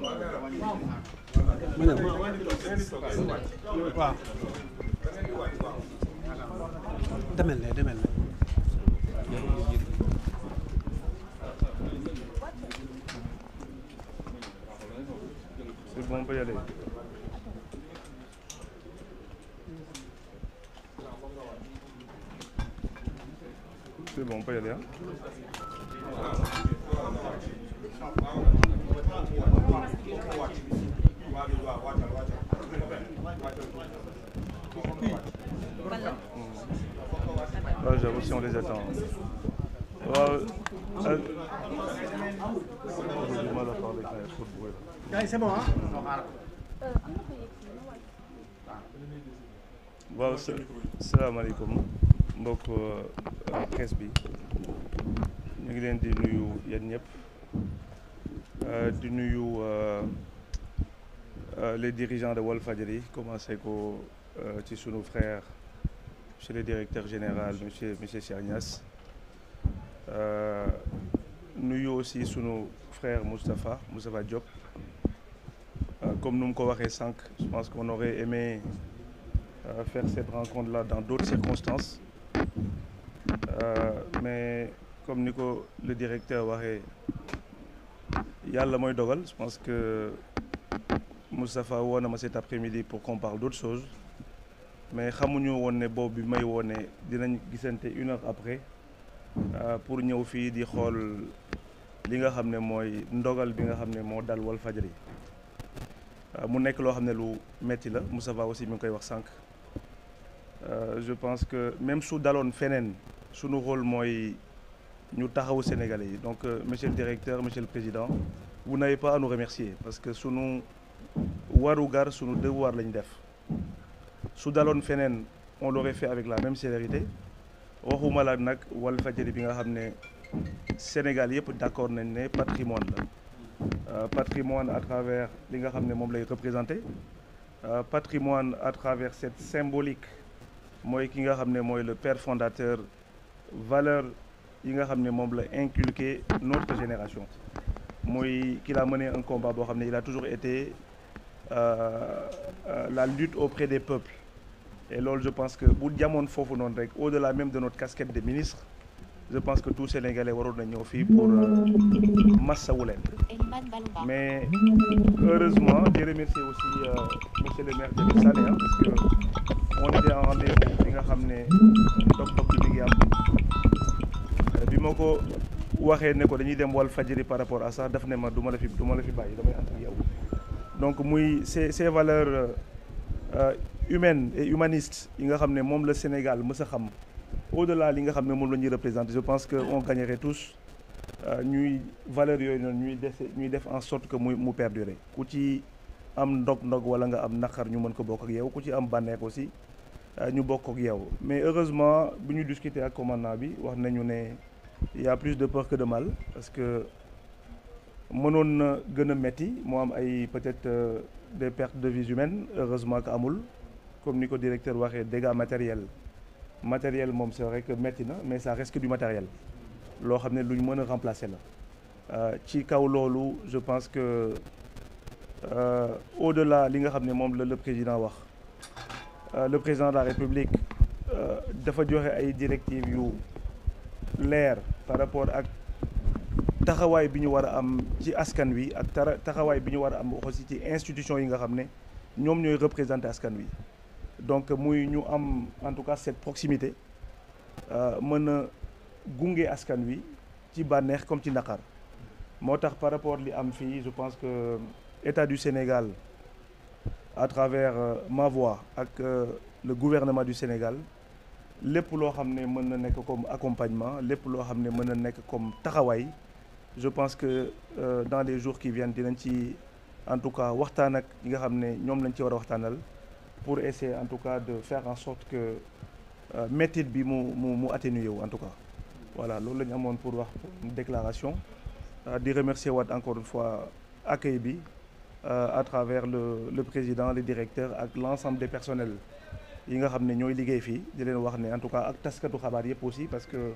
ma demel ne demel ne C'est bon, on peut y aller. bon, on peut y aller. waaw j'avoue si on les attend euh, waaw. Euh, ngi leen di nuyu yéen ñëpp. Euh, di nuyu euh, euh, les dirigeants de Walfadjri commencé ko ci sunu frère monsieur le directeur général monsieur monsieur Cheikh Niass nuyu aussi sunu frère Moustapha Moustapha Diop comme nu mu ko waxee sànq je pense qu'on aurait aimé faire cette rencontre là dans d'autres circonstances mais comme ni ko le directeur waxee yàlla mooy dogal je pense que Moustapha woo na ma cet après-midi pour qu'on parle d'autre chose mais xamuñu woon ne boobu bi may woone dinañ gisante une heure après euh, pour ñëw fii di xool li nga xam ne mooy ndogal bi nga xam ne moo dal yi euh, mu nekk loo xam ne lu metti la Moustapha aussi mi ngi koy wax sànq euh, je pense que même su daloon feneen sunu rôle mooy ñu taxawu Sénégalais yi donc monsieur directeur monsieur le président bu n'avez pas à nous remercier parce que sunu warugar sunu devoir lañu def su daloon feneen on l'aurait fait avec la même sévérité waxuma la nag Walfadjri bi nga xam ne Sénégal yëpp d'accord nañ ne patrimoine la euh, patrimoine à travers li nga xam ne moom lay représenter euh, patrimoine à travers cette symbolique mooy ki nga xam ne mooy le père fondateur valeur yi nga xam ne moom la inculquer notre génération muy qu'il a mené un combat boo xam ne il a toujours été euh, euh, la lutte auprès des peuples et loolu je pense que bu jamoon foofu noonu rek au-delà même de notre casquette de ministre je pense que tout Sénégalais waroon na ñëw fii pour euh, massawu leen mais heureusement di remercier aussi euh, monsieur le maire Diaby Sané on était en rendez-vous bi nga xam ne dog dog bi mi am bi ma waxee ne ko dañuy dem wal fajiri par rapport à ça daf ne ma du ma la fi du ma la fi bàyyi damay ànd ak yow donc muy ces ces valeurs euh, humaines et humanistes yi nga xam ne moom la Sénégal mës a xam au-delà li nga xam ne moom la ñuy représenter je pense que on gagnerait tous euh, ñuy valeurs yooyu noonu ñuy def ñuy def en sorte que mu mu perdurer ku ci am ndog-ndog wala nga am naqar ñu mën ko bokk ak yow ku ci am bànneex euh, ñu bokk ak yow mais heureusement bu ñu discuter ak commandant bi wax nañu ne. il y plus de peur que de mal parce que mënoon na gën a metti moo am ay peut-être euh, des pertes de vies humaines heureusement que amul comme ni ko directeur waxee dégâts matériel matériel moom c'est vrai que metti na mais ça reste que du matériel loo xam ne lu ñu mën a remplacer la euh, ci kaw loolu je pense que euh, au-delà li nga xam ne moom la le président wax euh, le président de la République dafa joxe ay directives yu leer par rapport ak taxawaay bi ñu war a am ci askan wi ak tara taxawaay bi ñu war a am aussi ci institution yi nga xam ne ñoom ñooy représenter askan wi donc muy ñu am en tout cas cette proximité euh, mën a gunge askan wi ci bànneex comme ci naqar moo tax par rapport li am fii je pense que État du Sénégal à travers euh, ma voix ak euh, le gouvernement du Sénégal lépp loo xam ne mën na nekk comme accompagnement lépp loo xam ne mën na nekk comme taxawaay je pense que euh, dans les jours qui viennent dinañ ci en tout cas waxtaan ak ñi nga xam ne ñoom lañ ci war a waxtaanal pour essayer en tout cas de faire en sorte que euh, métit bi mu mu mu atténuer wu en tout cas voilà loolu la ñu amoon pour wax déclaration euh, di remercier waat encore une fois accueil bi euh, à travers le le président le directeurs ak l'ensemble des personnels yi nga xam ne ñooy liggéey fii di leen wax ne en tout cas ak taskatu xabaar yëpp aussi parce que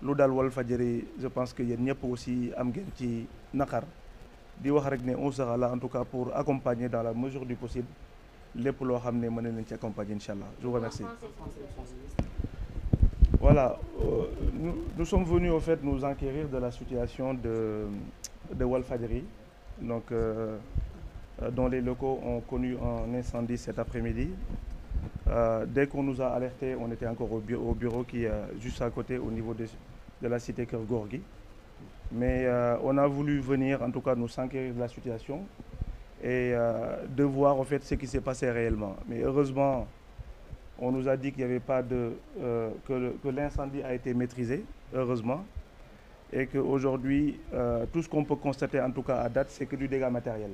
lu dal Walfadjri je pense que yéen ñëpp aussi am ngeen ci naqar di wax rek ne on sera là en tout cas pour accompagner dans la mesure du possible lépp loo xam ne mën na leen ci accompagner incha allah je vous remercie. voilà euh, nous, nous venus au fait nous enquérir de la situation de de Walfadjri donc euh, euh dont les locaux ont connu un incendie cet après-midi. Euh, dès qu'on nous a alertés, on était encore au bureau, au bureau qui est juste à côté, au niveau de, de la cité Kergorgi. Mais euh, on a voulu venir, en tout cas, nous s'enquérir de la situation et euh, de voir en fait ce qui s'est passé réellement. Mais heureusement, on nous a dit qu'il n'y avait pas de... Euh, que, que l'incendie a été maîtrisé, heureusement. Et qu'aujourd'hui, euh, tout ce qu'on peut constater, en tout cas à date, c'est que du dégât matériel.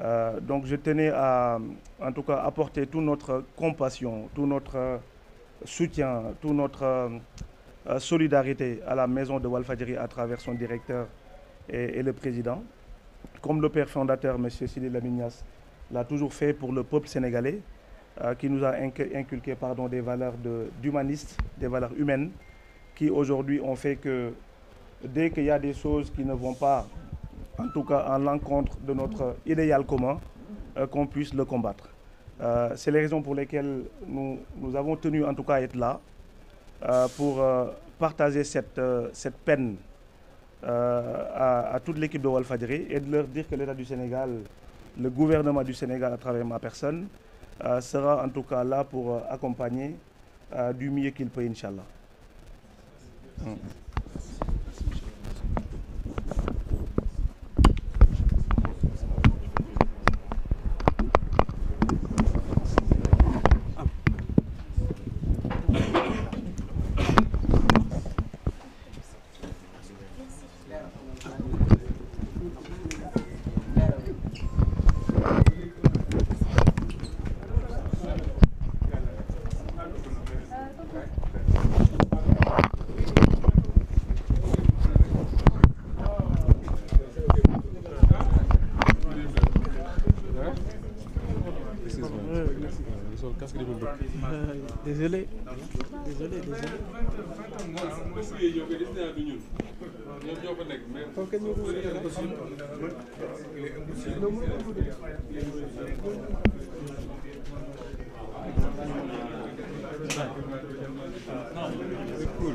Euh, donc je tenais à, en tout cas, apporter toute notre compassion, tout notre euh, soutien, tout notre euh, euh, solidarité à la maison de Walfadjiri à travers son directeur et, le président. Comme le père fondateur, M. Sidi Lamignas, l'a toujours fait pour le peuple sénégalais, euh, qui nous a inculqué pardon, des valeurs d'humanistes, de, des valeurs humaines, qui aujourd'hui ont fait que dès qu'il y a des choses qui ne vont pas en tout cas à l'encontre de notre idéal commun, euh, qu'on puisse le combattre. Euh, c'est les raisons pour lesquelles nous, nous, avons tenu en tout cas à être là euh, pour euh, partager cette, euh, cette peine euh, à, à, toute l'équipe de Walfadri et de leur dire que l'État du Sénégal, le gouvernement du Sénégal à travers ma personne, sera en tout cas là pour accompagner du mieux qu'il peut, Inch'Allah. Hum. désolé désolé désolé. ñoom ñoo ko nekk mais. kon kenn ñoo ko wutee rek aussi. non. cool.